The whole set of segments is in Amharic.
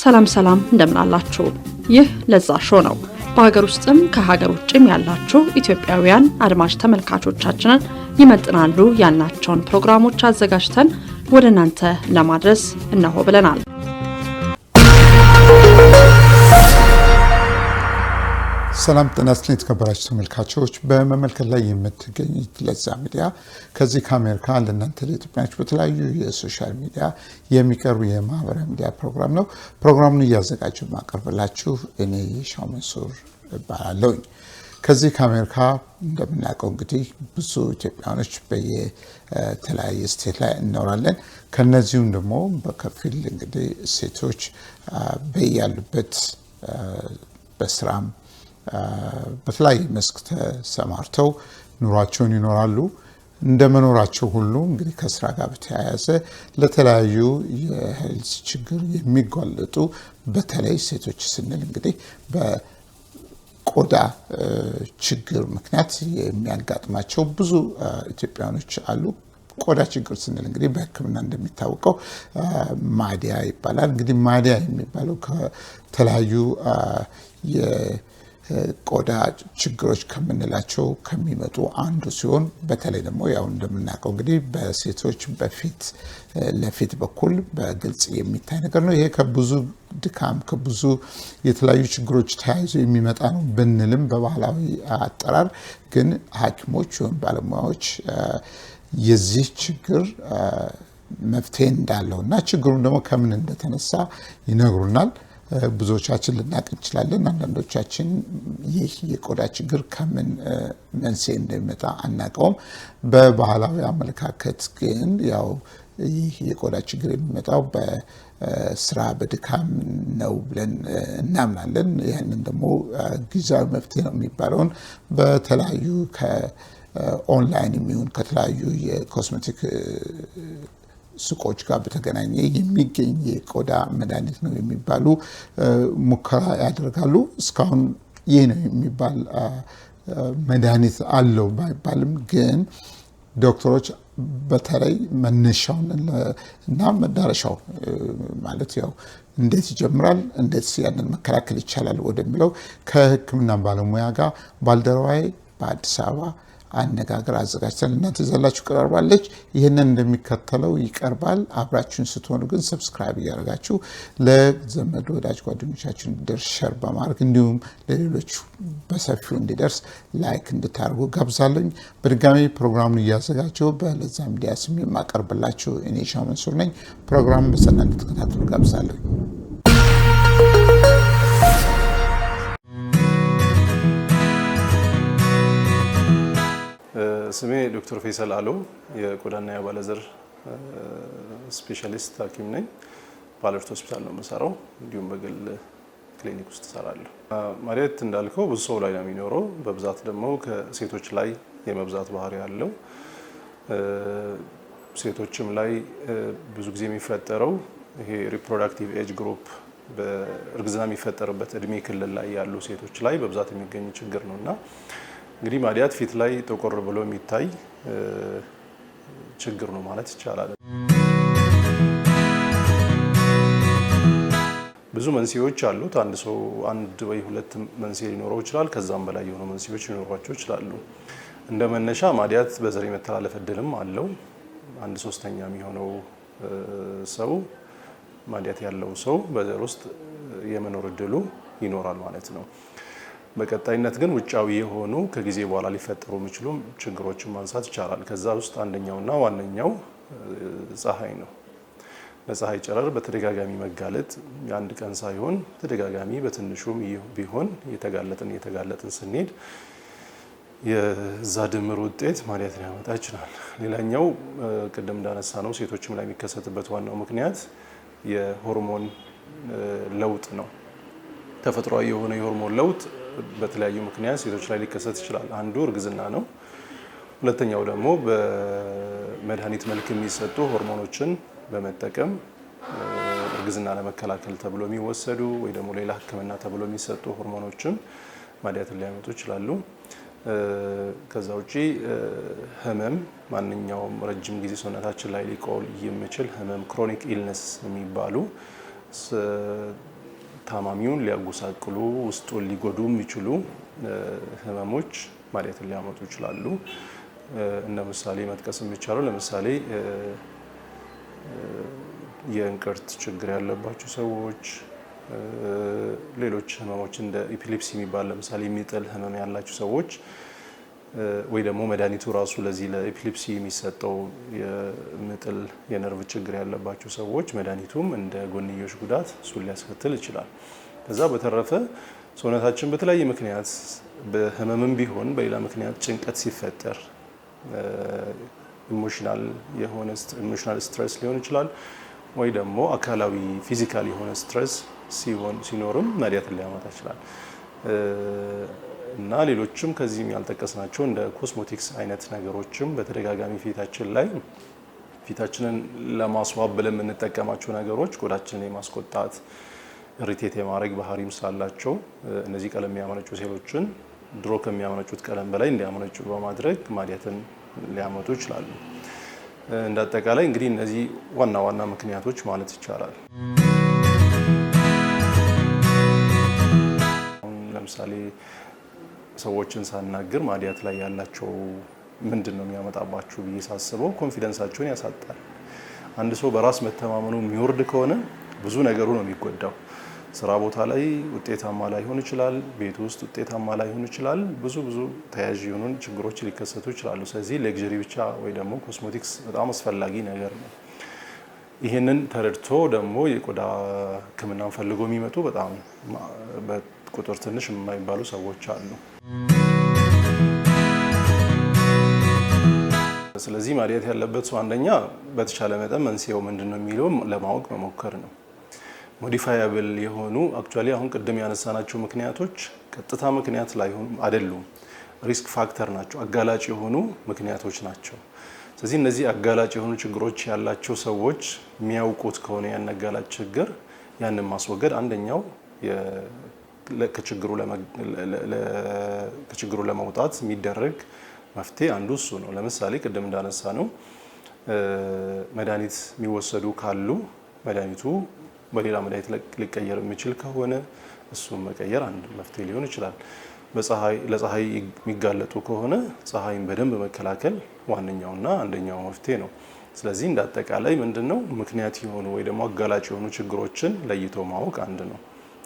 ሰላም ሰላም፣ እንደምናላችሁ። ይህ ለዛ ሾው ነው። በሀገር ውስጥም ከሀገር ውጭም ያላችሁ ኢትዮጵያውያን አድማጭ ተመልካቾቻችንን ይመጥናሉ ያልናቸውን ፕሮግራሞች አዘጋጅተን ወደ እናንተ ለማድረስ እነሆ ብለናል። ሰላም ጤና ይስጥልኝ የተከበራችሁ ተመልካቾች፣ በመመልከት ላይ የምትገኙት ለዛ ሚዲያ ከዚህ ከአሜሪካ ለእናንተ ለኢትዮጵያች በተለያዩ የሶሻል ሚዲያ የሚቀርቡ የማህበራዊ ሚዲያ ፕሮግራም ነው። ፕሮግራሙን እያዘጋጀው ማቀርብላችሁ እኔ የሻው መንሱር እባላለሁኝ። ከዚህ ከአሜሪካ እንደምናውቀው እንግዲህ ብዙ ኢትዮጵያኖች በየተለያየ ስቴት ላይ እንኖራለን። ከነዚሁም ደግሞ በከፊል እንግዲህ ሴቶች በያሉበት በስራም በተለያየ መስክ ተሰማርተው ኑሯቸውን ይኖራሉ። እንደ መኖራቸው ሁሉ እንግዲህ ከስራ ጋር በተያያዘ ለተለያዩ የሄልዝ ችግር የሚጓለጡ በተለይ ሴቶች ስንል እንግዲህ በቆዳ ችግር ምክንያት የሚያጋጥማቸው ብዙ ኢትዮጵያኖች አሉ። ቆዳ ችግር ስንል እንግዲህ በሕክምና እንደሚታወቀው ማዲያ ይባላል። እንግዲህ ማዲያ የሚባለው ከተለያዩ ቆዳ ችግሮች ከምንላቸው ከሚመጡ አንዱ ሲሆን በተለይ ደግሞ ያው እንደምናውቀው እንግዲህ በሴቶች በፊት ለፊት በኩል በግልጽ የሚታይ ነገር ነው። ይሄ ከብዙ ድካም ከብዙ የተለያዩ ችግሮች ተያይዞ የሚመጣ ነው ብንልም በባህላዊ አጠራር ግን ሐኪሞች ወይም ባለሙያዎች የዚህ ችግር መፍትሄ እንዳለው እና ችግሩን ደግሞ ከምን እንደተነሳ ይነግሩናል። ብዙዎቻችን ልናቅ እንችላለን። አንዳንዶቻችን ይህ የቆዳ ችግር ከምን መንስኤ እንደሚመጣ አናውቀውም። በባህላዊ አመለካከት ግን ያው ይህ የቆዳ ችግር የሚመጣው በስራ በድካም ነው ብለን እናምናለን። ያንን ደግሞ ጊዜያዊ መፍትሄ ነው የሚባለውን በተለያዩ ከኦንላይን የሚሆን ከተለያዩ የኮስሜቲክ ሱቆች ጋር በተገናኘ የሚገኝ የቆዳ መድኃኒት ነው የሚባሉ ሙከራ ያደርጋሉ። እስካሁን ይህ ነው የሚባል መድኃኒት አለው ባይባልም ግን ዶክተሮች በተለይ መነሻውን እና መዳረሻው ማለት ያው እንዴት ይጀምራል፣ እንዴት ያንን መከላከል ይቻላል ወደሚለው ከሕክምና ባለሙያ ጋር ባልደረባዬ በአዲስ አበባ አነጋገር አዘጋጅተን እናንተ ዘላችሁ ቀርባለች። ይህንን እንደሚከተለው ይቀርባል። አብራችሁን ስትሆኑ ግን ሰብስክራይብ እያደረጋችሁ ለዘመድ ወዳጅ ጓደኞቻችሁ እንዲደርስ ሸር በማድረግ እንዲሁም ለሌሎች በሰፊው እንዲደርስ ላይክ እንድታደርጉ ጋብዛለኝ። በድጋሚ ፕሮግራሙን እያዘጋጀው በለዛ ሚዲያ ስም የማቀርብላችሁ እኔ ሻ መንሱር ነኝ። ፕሮግራሙን በጸና እንድትከታተሉ ጋብዛለኝ። ስሜ ዶክተር ፌሰል አሎ የቆዳና የአባለዘር ስፔሻሊስት ሐኪም ነኝ። ባለርት ሆስፒታል ነው የምሰራው፣ እንዲሁም በግል ክሊኒክ ውስጥ እሰራለሁ። መሬት እንዳልከው ብዙ ሰው ላይ ነው የሚኖረው፣ በብዛት ደግሞ ከሴቶች ላይ የመብዛት ባህሪ ያለው ሴቶችም ላይ ብዙ ጊዜ የሚፈጠረው ይሄ ሪፕሮዳክቲቭ ኤጅ ግሩፕ በእርግዝና የሚፈጠርበት እድሜ ክልል ላይ ያሉ ሴቶች ላይ በብዛት የሚገኝ ችግር ነው እና እንግዲህ ማዲያት ፊት ላይ ጥቁር ብሎ የሚታይ ችግር ነው ማለት ይቻላል። ብዙ መንስኤዎች አሉት። አንድ ሰው አንድ ወይ ሁለት መንስኤ ሊኖረው ይችላል። ከዛም በላይ የሆኑ መንስኤዎች ሊኖሯቸው ይችላሉ። እንደ መነሻ ማዲያት በዘር የመተላለፍ እድልም አለው። አንድ ሶስተኛ የሚሆነው ሰው ማዲያት ያለው ሰው በዘር ውስጥ የመኖር እድሉ ይኖራል ማለት ነው። በቀጣይነት ግን ውጫዊ የሆኑ ከጊዜ በኋላ ሊፈጠሩ የሚችሉ ችግሮችን ማንሳት ይቻላል። ከዛ ውስጥ አንደኛውና ዋነኛው ፀሐይ ነው። ለፀሐይ ጨረር በተደጋጋሚ መጋለጥ የአንድ ቀን ሳይሆን ተደጋጋሚ በትንሹም ቢሆን እየተጋለጥን እየተጋለጥን ስንሄድ የዛ ድምር ውጤት ማለት ሊያመጣ ይችላል። ሌላኛው ቅድም እንዳነሳ ነው ሴቶችም ላይ የሚከሰትበት ዋናው ምክንያት የሆርሞን ለውጥ ነው። ተፈጥሯዊ የሆነ የሆርሞን ለውጥ በተለያዩ ምክንያት ሴቶች ላይ ሊከሰት ይችላል። አንዱ እርግዝና ነው። ሁለተኛው ደግሞ በመድኃኒት መልክ የሚሰጡ ሆርሞኖችን በመጠቀም እርግዝና ለመከላከል ተብሎ የሚወሰዱ ወይ ደግሞ ሌላ ሕክምና ተብሎ የሚሰጡ ሆርሞኖችም ማዲያትን ሊያመጡ ይችላሉ። ከዛ ውጪ ህመም፣ ማንኛውም ረጅም ጊዜ ሰውነታችን ላይ ሊቆል የሚችል ህመም ክሮኒክ ኢልነስ የሚባሉ ታማሚውን ሊያጎሳቅሉ ውስጡን ሊጎዱ የሚችሉ ህመሞች ማለትን ሊያመጡ ይችላሉ። እንደ ምሳሌ መጥቀስ የሚቻለው ለምሳሌ የእንቅርት ችግር ያለባቸው ሰዎች፣ ሌሎች ህመሞች እንደ ኢፒሊፕስ የሚባል ለምሳሌ የሚጥል ህመም ያላቸው ሰዎች ወይ ደግሞ መድኃኒቱ ራሱ ለዚህ ለኤፒሊፕሲ የሚሰጠው የምጥል የነርቭ ችግር ያለባቸው ሰዎች መድኃኒቱም እንደ ጎንዮሽ ጉዳት እሱን ሊያስከትል ይችላል። ከዛ በተረፈ ሰውነታችን በተለያየ ምክንያት በህመምም ቢሆን በሌላ ምክንያት ጭንቀት ሲፈጠር ኢሞሽናል የሆነ ኢሞሽናል ስትረስ ሊሆን ይችላል ወይ ደግሞ አካላዊ ፊዚካል የሆነ ስትረስ ሲኖርም መድያትን ሊያመጣ ይችላል። እና ሌሎችም ከዚህም ያልጠቀስናቸው እንደ ኮስሞቲክስ አይነት ነገሮችም በተደጋጋሚ ፊታችን ላይ ፊታችንን ለማስዋብ ብለን የምንጠቀማቸው ነገሮች ቆዳችንን የማስቆጣት ሪቴት የማድረግ ባህሪም ስላላቸው እነዚህ ቀለም የሚያመነጩ ሴሎችን ድሮ ከሚያመነጩት ቀለም በላይ እንዲያመነጩ በማድረግ ማዲያትን ሊያመጡ ይችላሉ። እንደ አጠቃላይ እንግዲህ እነዚህ ዋና ዋና ምክንያቶች ማለት ይቻላል። ለምሳሌ ሰዎችን ሳናግር ማዲያት ላይ ያላቸው ምንድን ነው የሚያመጣባችሁ ብዬ ሳስበው ኮንፊደንሳቸውን ያሳጣል። አንድ ሰው በራስ መተማመኑ የሚወርድ ከሆነ ብዙ ነገሩ ነው የሚጎዳው። ስራ ቦታ ላይ ውጤታማ ላይሆን ይችላል። ቤት ውስጥ ውጤታማ ላይሆን ይችላል። ብዙ ብዙ ተያያዥ የሆኑ ችግሮች ሊከሰቱ ይችላሉ። ስለዚህ ሌግዥሪ ብቻ ወይ ደግሞ ኮስሞቲክስ በጣም አስፈላጊ ነገር ነው። ይህንን ተረድቶ ደግሞ የቆዳ ሕክምናን ፈልጎ የሚመጡ በጣም ቁጥር ትንሽ የማይባሉ ሰዎች አሉ። ስለዚህ ማድየት ያለበት ሰው አንደኛ በተቻለ መጠን መንስኤው ምንድን ነው የሚለው ለማወቅ መሞከር ነው። ሞዲፋያብል የሆኑ አክቹዋሊ አሁን ቅድም ያነሳናቸው ምክንያቶች ቀጥታ ምክንያት ላይሆኑ አይደሉም፣ ሪስክ ፋክተር ናቸው፣ አጋላጭ የሆኑ ምክንያቶች ናቸው። ስለዚህ እነዚህ አጋላጭ የሆኑ ችግሮች ያላቸው ሰዎች የሚያውቁት ከሆነ ያን አጋላጭ ችግር ያንን ማስወገድ አንደኛው ከችግሩ ለመውጣት የሚደረግ መፍትሄ አንዱ እሱ ነው። ለምሳሌ ቅድም እንዳነሳ ነው መድኃኒት የሚወሰዱ ካሉ መድኃኒቱ በሌላ መድኃኒት ሊቀየር የሚችል ከሆነ እሱን መቀየር አንድ መፍትሄ ሊሆን ይችላል። ለፀሐይ የሚጋለጡ ከሆነ ፀሐይን በደንብ መከላከል ዋነኛውና አንደኛው መፍትሄ ነው። ስለዚህ እንደ አጠቃላይ ምንድን ነው ምክንያት የሆኑ ወይ ደግሞ አጋላጭ የሆኑ ችግሮችን ለይቶ ማወቅ አንድ ነው።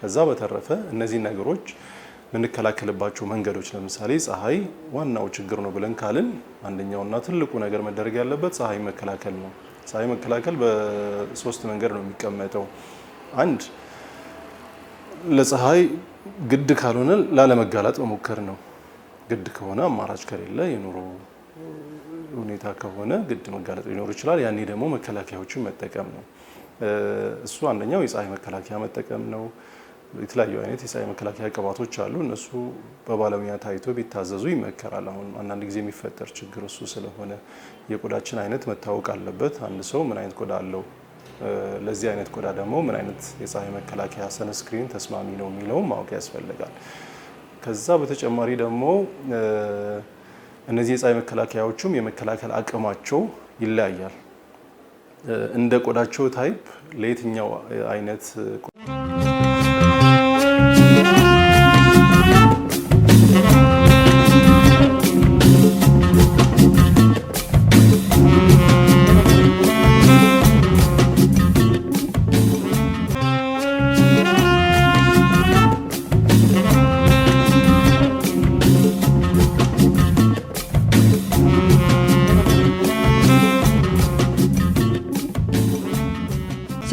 ከዛ በተረፈ እነዚህ ነገሮች የምንከላከልባቸው መንገዶች ለምሳሌ ፀሐይ ዋናው ችግር ነው ብለን ካልን አንደኛውና ትልቁ ነገር መደረግ ያለበት ፀሐይ መከላከል ነው። ፀሐይ መከላከል በሶስት መንገድ ነው የሚቀመጠው። አንድ ለፀሐይ ግድ ካልሆነ ላለመጋላጥ መሞከር ነው። ግድ ከሆነ አማራጭ ከሌለ የኑሮ ሁኔታ ከሆነ ግድ መጋለጥ ሊኖር ይችላል። ያኔ ደግሞ መከላከያዎችን መጠቀም ነው። እሱ አንደኛው የፀሐይ መከላከያ መጠቀም ነው። የተለያዩ አይነት የፀሐይ መከላከያ ቅባቶች አሉ። እነሱ በባለሙያ ታይቶ ቢታዘዙ ይመከራል። አሁን አንዳንድ ጊዜ የሚፈጠር ችግር እሱ ስለሆነ የቆዳችን አይነት መታወቅ አለበት። አንድ ሰው ምን አይነት ቆዳ አለው፣ ለዚህ አይነት ቆዳ ደግሞ ምን አይነት የፀሐይ መከላከያ ሰነስክሪን ተስማሚ ነው የሚለውም ማወቅ ያስፈልጋል። ከዛ በተጨማሪ ደግሞ እነዚህ የፀሐይ መከላከያዎቹም የመከላከል አቅማቸው ይለያያል። እንደ ቆዳቸው ታይፕ ለየትኛው አይነት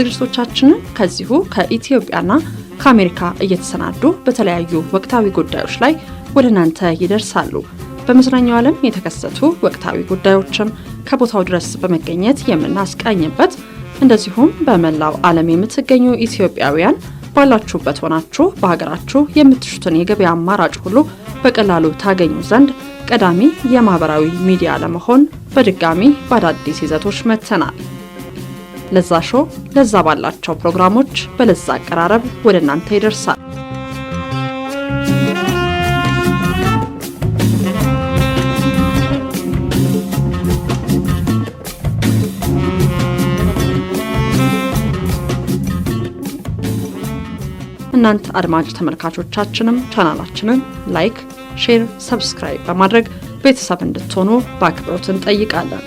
ዝግጅቶቻችንን ከዚሁ ከኢትዮጵያና ከአሜሪካ እየተሰናዱ በተለያዩ ወቅታዊ ጉዳዮች ላይ ወደ እናንተ ይደርሳሉ። በመዝናኛው ዓለም የተከሰቱ ወቅታዊ ጉዳዮችም ከቦታው ድረስ በመገኘት የምናስቃኝበት እንደዚሁም በመላው ዓለም የምትገኙ ኢትዮጵያውያን ባላችሁበት ሆናችሁ በሀገራችሁ የምትሹትን የገበያ አማራጭ ሁሉ በቀላሉ ታገኙ ዘንድ ቀዳሚ የማህበራዊ ሚዲያ ለመሆን በድጋሚ በአዳዲስ ይዘቶች መጥተናል። ለዛ ሾ ለዛ ባላቸው ፕሮግራሞች በለዛ አቀራረብ ወደ እናንተ ይደርሳል። እናንተ አድማጭ ተመልካቾቻችንም ቻናላችንን ላይክ፣ ሼር፣ ሰብስክራይብ በማድረግ ቤተሰብ እንድትሆኑ በአክብሮት እንጠይቃለን።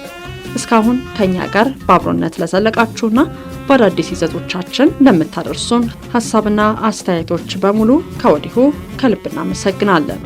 እስካሁን ከኛ ጋር በአብሮነት ለዘለቃችሁና በአዳዲስ ይዘቶቻችን ለምታደርሱን ሀሳብና አስተያየቶች በሙሉ ከወዲሁ ከልብ እናመሰግናለን።